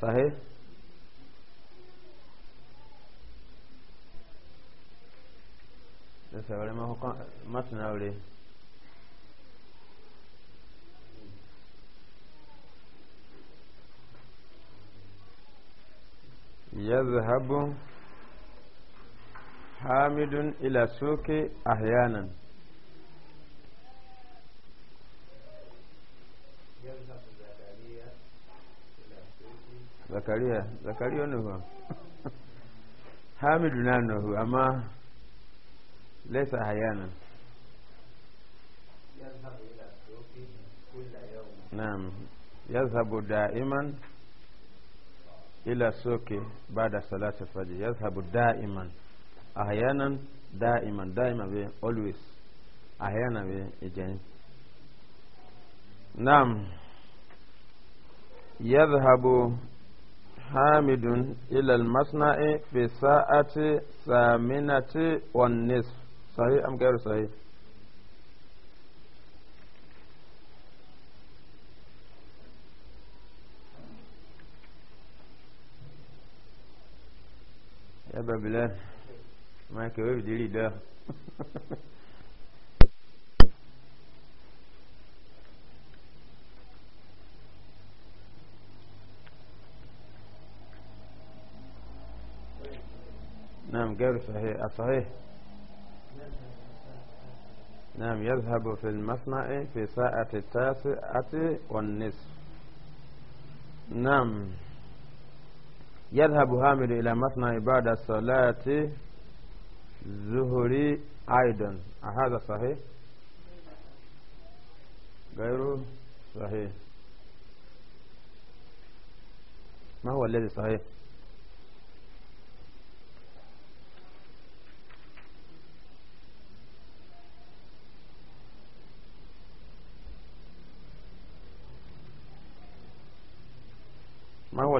صحيح لسه ما هو متن أولي يذهب حامد إلى سوق أحيانا Zakaria, Zakaria ni huwa. Hamidu nano huwa, ama lesa hayana. Naam, yazhabu iman ila soki baada salati alfajr. Yazhabu daiman ahyana daiman daima we always ahyana we again. Naam, yazhabu حامد إلى المصنع في ساعة ثامنة والنصف صحيح أم غير صحيح يا بابلان ما كيف ديري ده نعم غير صحيح الصحيح نعم يذهب في المصنع في ساعة التاسعة والنصف نعم يذهب هامل إلى مصنع بعد صلاة الظهر أيضا هذا صحيح غير صحيح ما هو الذي صحيح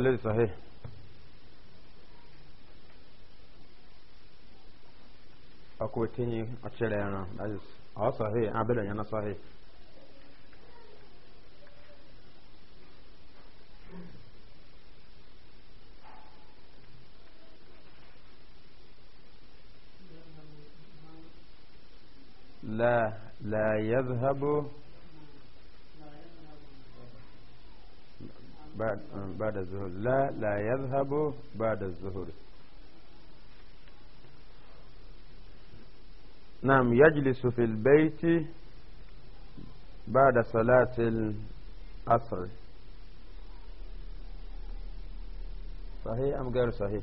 الذي صحيح أكو تيني أتشري أنا أجلس أه صحيح أبدا أنا صحيح لا لا يذهب بعد بعد الظهر لا لا يذهب بعد الظهر نعم يجلس في البيت بعد صلاة العصر صحيح أم غير صحيح؟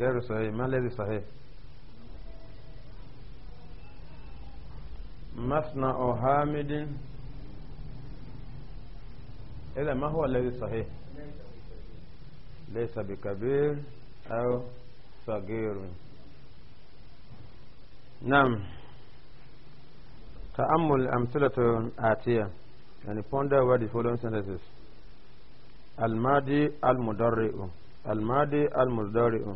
غير صحيح ما الذي صحيح مثنى حامد إذا ما هو الذي صحيح ليس بكبير أو صغير نعم تأمل أمثلة آتية يعني ponder over the following sentences الماضي المضارع الماضي المضارع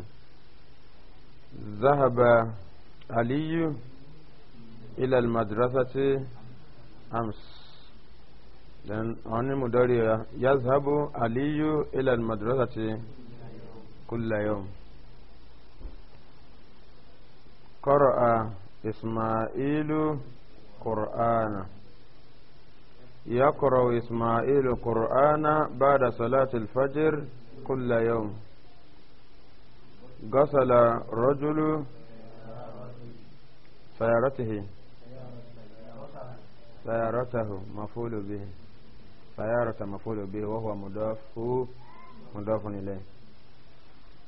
ذهب علي إلى المدرسة أمس لأن أنا مدرية يذهب علي إلى المدرسة كل يوم قرأ إسماعيل قرآن يقرأ إسماعيل قرآن بعد صلاة الفجر كل يوم غسل رجل سيارته سيارته مفول به سيارة مفول به وهو مضاف مضاف إليه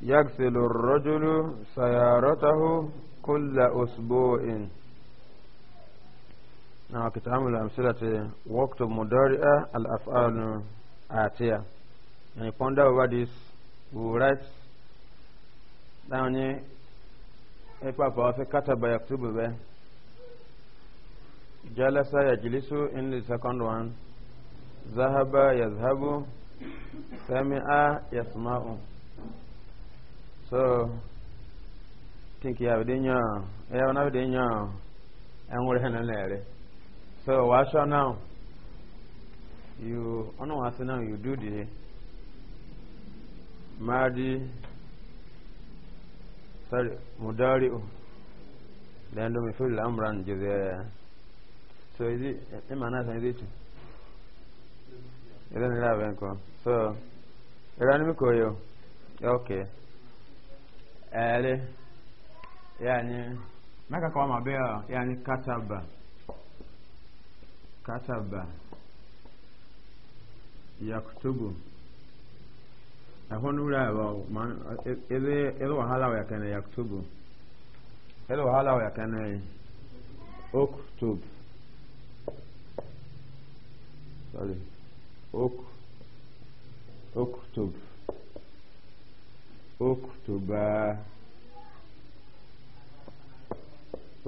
يغسل الرجل سيارته كل أسبوع نعم كتعامل أمثلة وقت مضارئة الأفعال آتية يعني ponder over this we will write danye onye wasu kataba ya tubu be jalasa ya jilisu in the second one zahaba ya zahabu a ya sama'u so tinki ya wadi nyo ya wana wadi nyo en wuri hana lere so wa sure now you ono wasu now you do the mardi sorry mudari'u then do mifil amran juzia so hizi eh, imana za hizi ile ni lawe nko so ila ni mikoyo okay ale yani maka kwa mabea yani kataba kataba yaktubu أكون ولا باو من إذا إذا وهلا ويكن يكتب إذا وهلا ويكن أكتب sorry أك أكتب أكتب أكتب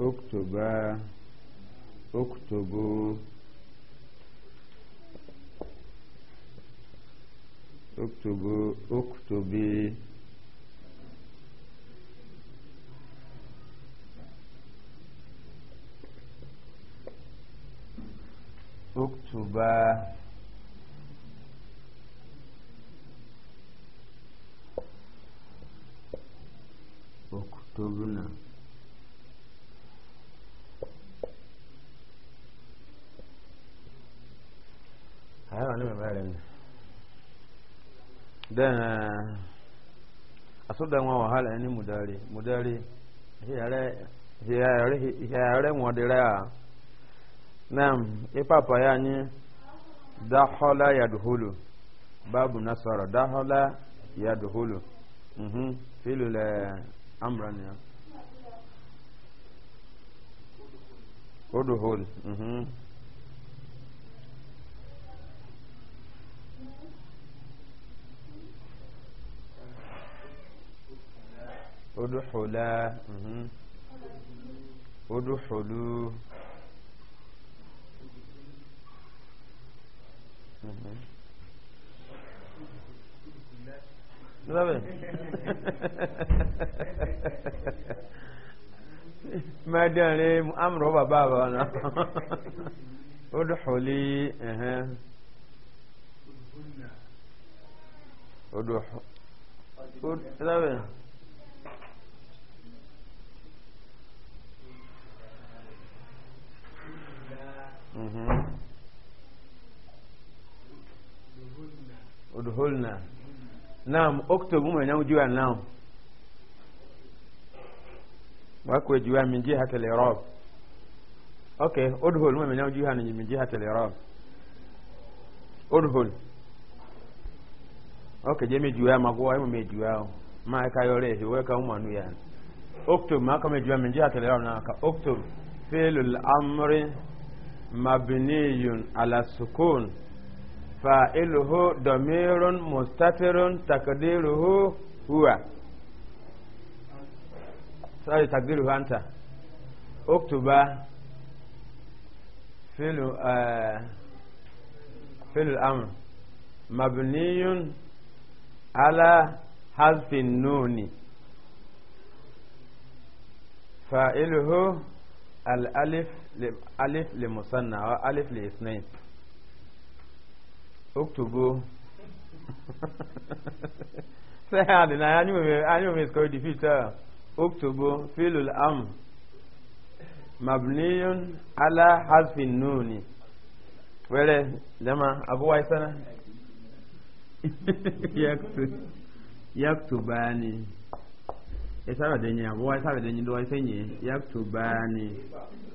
أكتب, أكتب. uktubu, uktubi uktuba uktubna dana asoda nwa wahala ni mudari mudari yare yare yare mwadira nam ipapa e yanyi ya duhulu babu nasara dahola yadhulu mhm filu la amran ya udhul mhm ادخلا ادخلوا mẹ́dẹ̀rin amúrò bàbá bàbá náà Mm-hmm. udhulna naam oktobu mwenya ujiwa naam wakwe juwa min jihati al-irab okay udhul mwenya ujiwa ni min jihati al-irab udhul okay jemi juwa magwa imu mejuwa ma ka yore hi weka umanu ya oktobu ma ka mejuwa min jihati al-irab na ka oktobu fi'lul amri مبني على السكون فاعله ضمير مستتر تقديره هو سوري تقديره أنت اكتب فعل آه فعل الأمر مبني على حذف النون فاعله الألف alif le musanna wa alif le isnain oktubu sai hadi na ya nyume anyume skoy defeat oktubu filul am mabniyun ala hazfin nuni wele jama abuwa sana yaktubani ya sabe denye abuwa sabe denye do wa senye yaktubani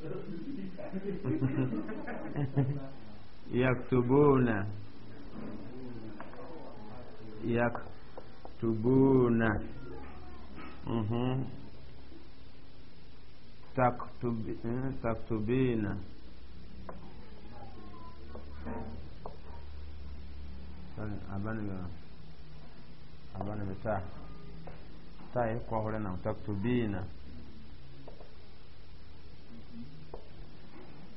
yaktubuna yaktubuna mm -hmm. Taktub, eh, taktubina abana bita tayi kwahulena taktubina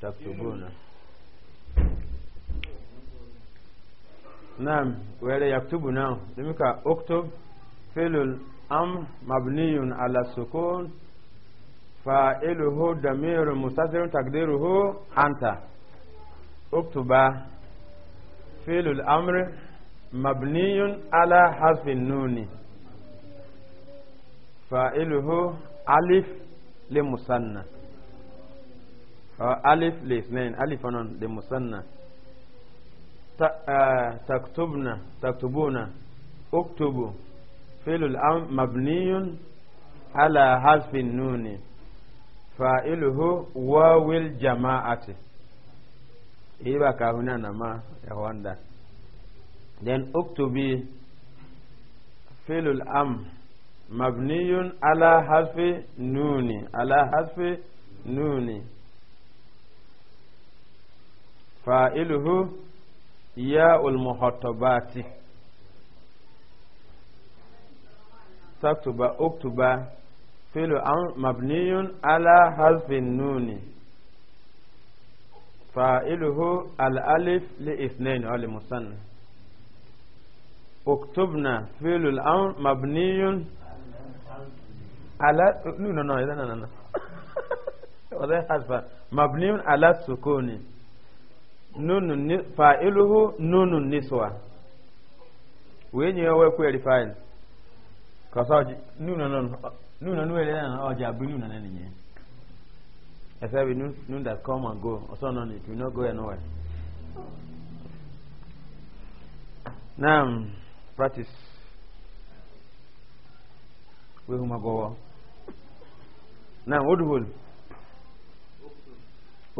تكتبون نعم ولا يكتبون دمك اكتب فعل الامر مبني على السكون فاعله ضمير مستتر تقديره انت اكتب فعل الامر مبني على حذف النون فاعله الف لمثنى Euh, alif li snen, alif anon di musanna. Takhtubna, euh, takhtubouna. Ukhtubu, filu l'am, mabniyun ala halfi noni. Fa iluhu wawil jamaati. Iba kahounan anma, yawanda. Den ukhtubi, filu l'am, mabniyun ala halfi noni. Ala halfi noni. فاعله ياء المخاطبات تكتب اكتب فعل امر مبني على حذف النون فاعله الالف لاثنين او لمثنى اكتبنا فعل الامر مبني على نو نو نو لا لا لا مبني على السكون nunu fa'iluhu nunu niswa wenye yawe kweli fa'il kasaji nuna non nuna nuele na oja bunu na nani nye esabi nun nun that come and go also non it will not go anywhere naam practice we huma go naam udhul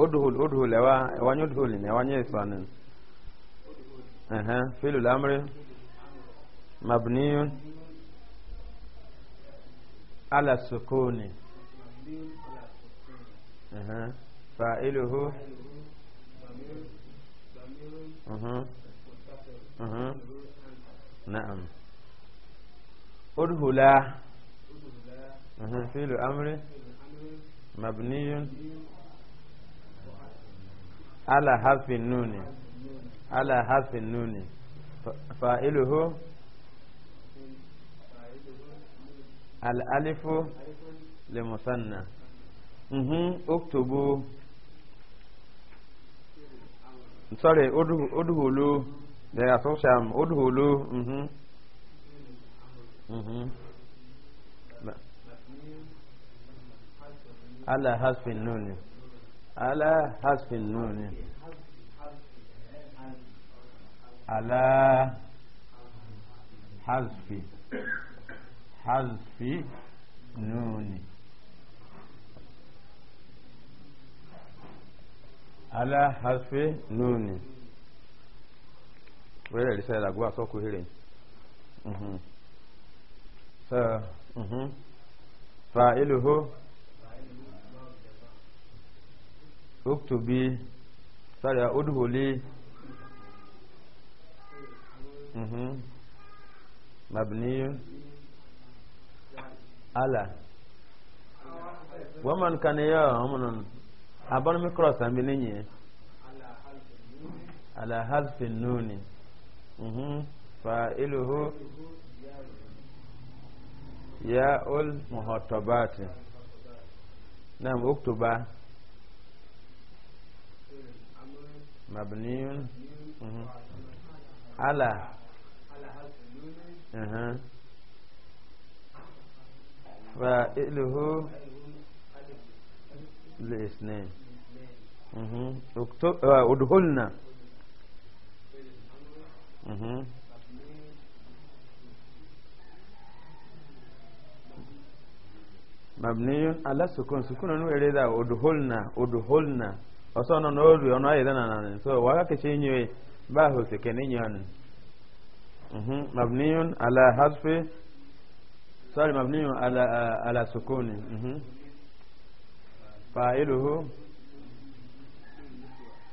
udhul udhul ewa ewanye udhul ni ewanye isanin ehe filul amri mabniyun ala sukuni ehe fa'iluhu mhm mhm na'am udhula ehe filul amri mabniyun على حذف النون على حذف النون فاعله الألف لمثنى اكتبوا sorry udhulu da ya so sham udhulu mhm mhm ala hasfin nuni على حذف النون على حذف حذف نون على حذف نون ولا رسالة أقوى صوكو هيرين فاعله oktobi sorry udhuli mhm mabni ala waman kana ya amnun aban mikro sambi ninyi ala halfi nuni mhm fa'iluhu ya'ul muhatabati nam oktoba Mabniyon mhm. Ala Ala mhm. Wa ili ho Li esne mhm. Udholna Mabniyon Ala sukun Udholna Udholna ọsọ nọ n'oru ọnụ ayị dị nananị so waka kechi inyewe ba ahụ sike n'inye ọnụ mhm, mabniyun ala hasfi sorry mabniyun ala eh, ala sukuni mhm. Fa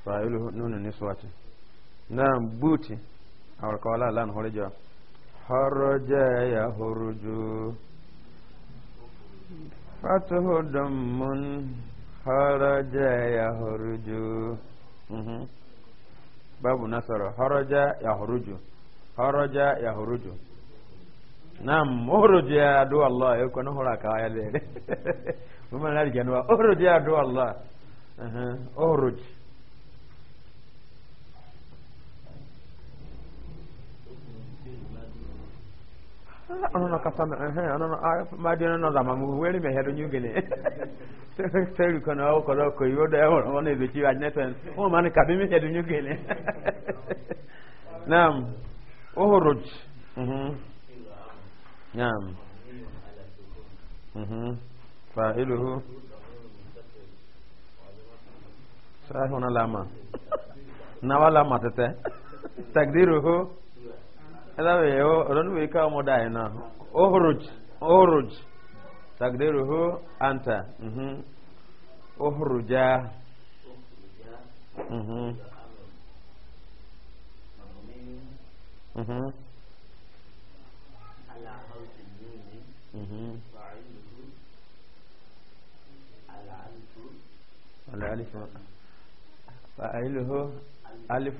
fa'iluhu nunu niswati na buti awalkawala lan horija horoja ya horuju fatuhu damun haraja yahuruju mhm. babu nasara haraja yahuruju haraja yahuruju naam muhruju ya adu Allah yuko na hura ka ya dele mama na rigenu wa uhruju ya adu Allah mhm. uhruju ano na kasa ehe ano na ma di ano na mamu weli me hedo nyugene seri kono o kodo ko yo da yo ono ebe chi ajne ten o ma ni kabimi hedo nyugene nam uhruj mhm nam mhm fa'iluhu sahuna lama nawala matete takdiruhu ẹlẹ́wẹ̀ ọ̀rọ̀lúwẹ̀ ká ọmọdé àyẹ̀nà ohroj ohroj tagderuhu anta ohroja فأعله ألف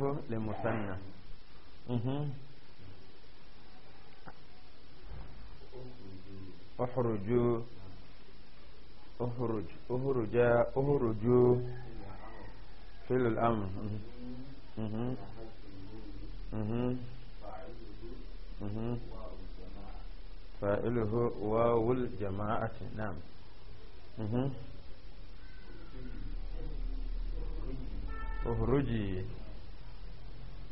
hmm احرجوا اهرج اهرجا اهرجوا في الامر اها اها اها فاعله واو الجماعة نعم اها اهرجي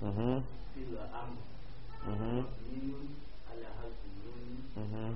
اها اها اها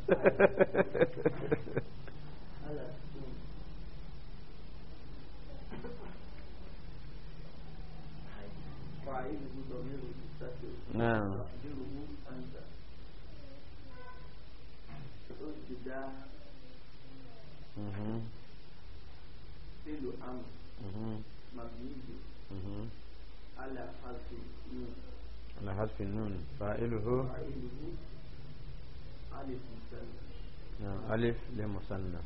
نعم فعل أمر مبني على حذف النون على حذف النون فاعله فاعله نعم ألف لمثنى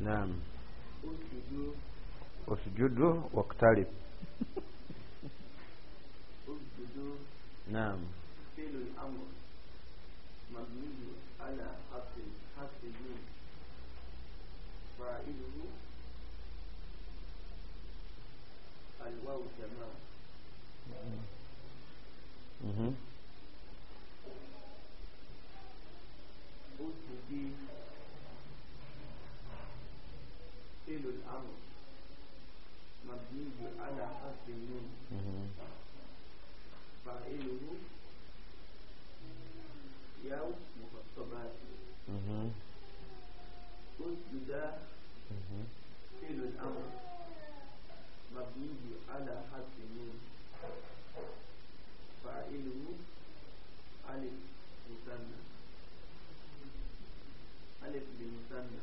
نعم اسجدوا واقترب اسجدوا نعم فعل الأمر مبني على حرف حرف النون فاعله الواو تمام الدين إلى الأمر مبني على حرف النون فاعله يوم مخطبات أسجد إلى الأمر مبني على حرف النون فاعله علي مثنى ألف بالمثنى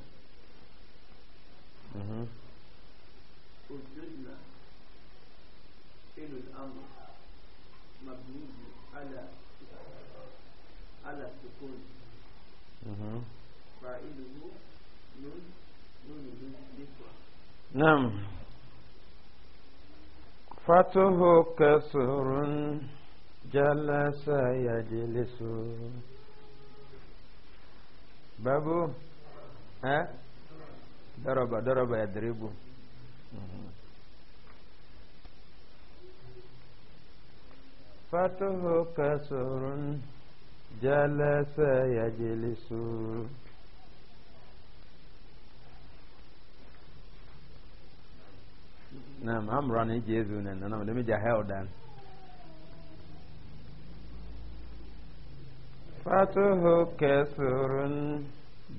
وجدنا فعل الأمر مبني على على السكون فاعله نون نون نسوة نعم فتح كسر جلس يجلس babu eh daraba daraba yadribu fatuhu kasurun jalasa yajlisu nam amrani jesu nan nam lemi jahel dan صفته كسر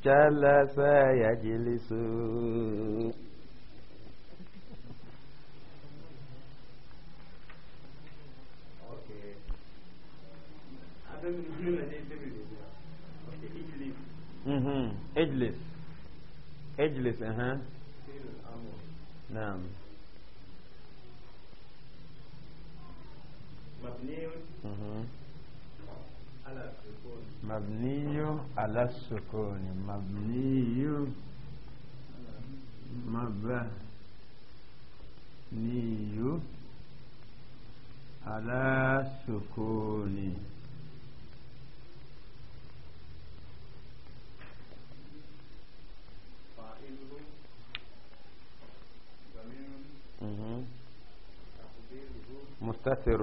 جلس يجلس اها اجلس اجلس اها نعم مبني على مبني على السكون مبني مبني على السكون مستتر مستتر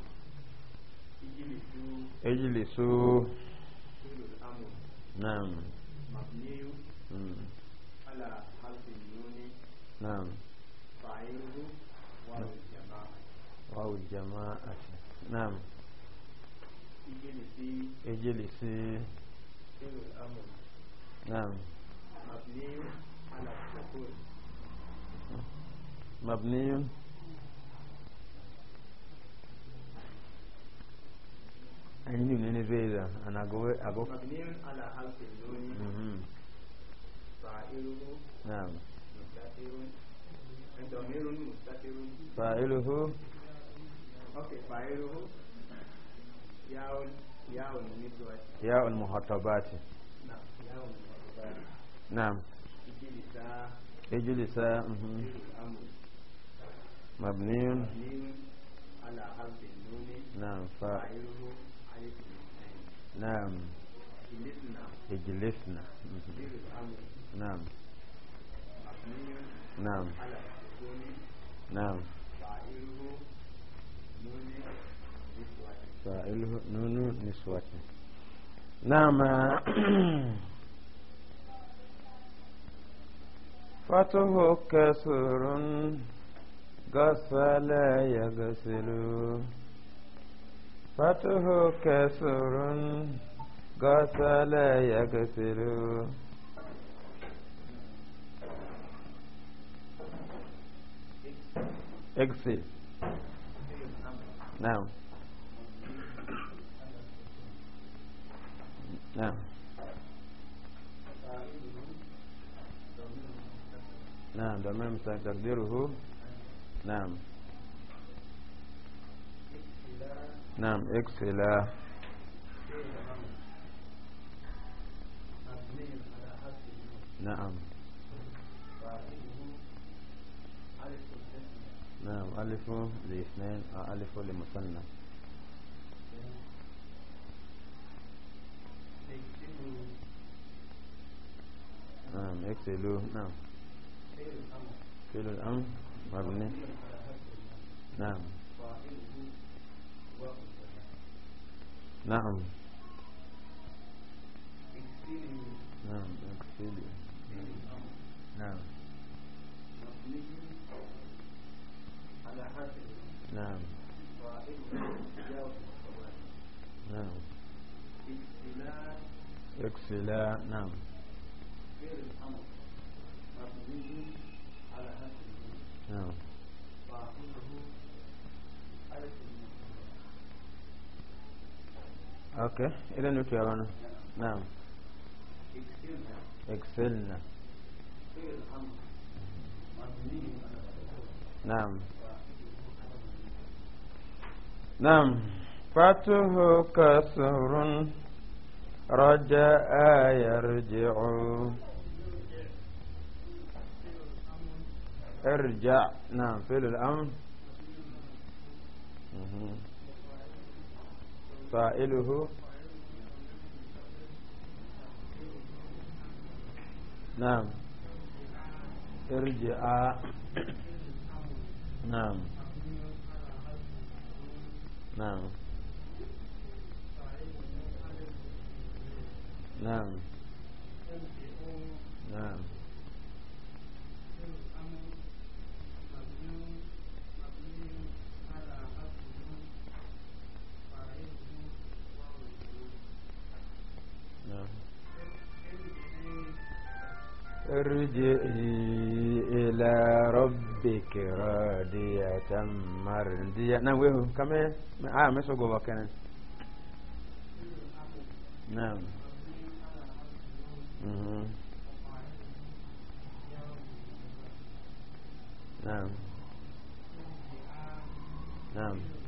اجلسوا نعم مبني على حرف النون نعم فعيله واو الجماعة واو الجماعة نعم اجلسي اجلسي فعل الأمر نعم مبني على السكون مبني أين من زيدا أنا أقول أقول مبني على حرف النون فاعله نعم مستتر ضمير مستتر فاعله نعم ياء نعم اجلسا مبني على حرف النون نعم فاعله نعم اجلسنا نعم نعم نعم فاعله نون نسوة نعم فتح كسر غسل يغسل athụ kesụrụgosalaya gtrụ zl n نعم اكس الى نعم نعم ألف لاثنين ألف لمثنى نعم اكسلو نعم فعل الأمر مبني نعم نعم نعم اكسيليا نعم على نعم نعم اكسلا نعم غير الامر مبني على هذا نعم اوكي الى نوت يرانا نعم اكسلنا نعم نعم فاته كسر رجاء يرجع ارجع نعم فعل الامر فاعله نعم ارجع نعم نعم نعم نعم نعم. ارجعي إلى ربك راضية مرضية نعم ويه كمان آه مسوا جوا كمان نعم نعم نعم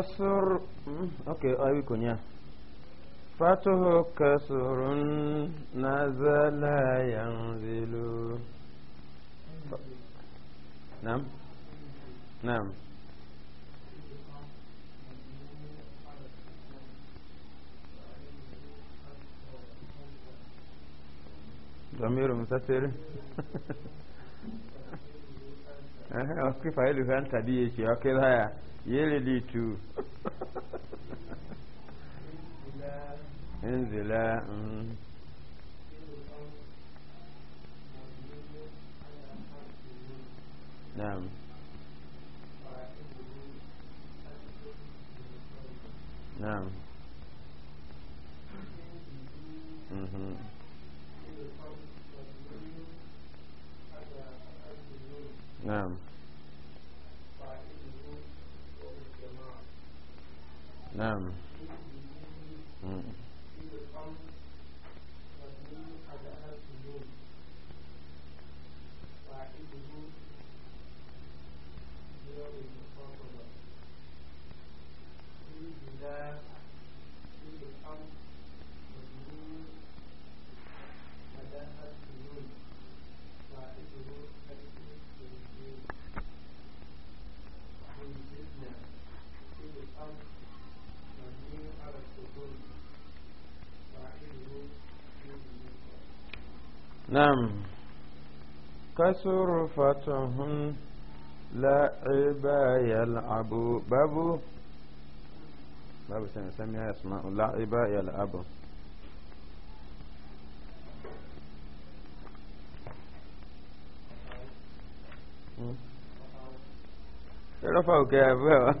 كسر اوكي اي بيكون يا فاته كسر نزل ينزل ف... نعم نعم ضمير مستتر wakifa hili fanta diyeshi wakila ya yeli ditu انزلا نعم نعم mm mhm. نعم نعم نعم كسر فتح لعب يلعب باب باب سنسميها اسماء لعب يلعب رفعوا كيف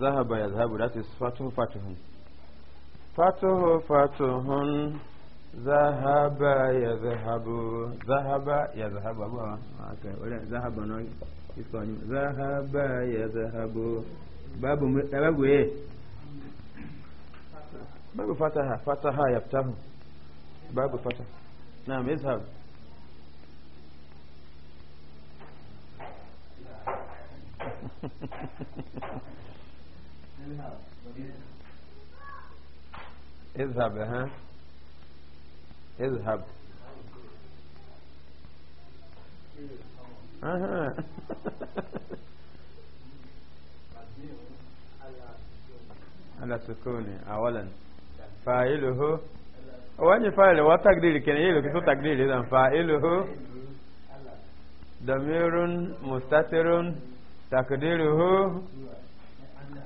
ذهب يذهب that is فاته فاته فاته فاته ذهب يذهب ذهب يذهب ذهب ذهب يذهب باب باب ايه باب فتح فتح يفتح باب فتح نعم يذهب Ha ha ha ha ha. اذهب ها اذهب اها على سكونه اولا فاعله wani fa'il wa takdiri kenan yi lokacin takdiri dan fa'iluhu damirun mustatirun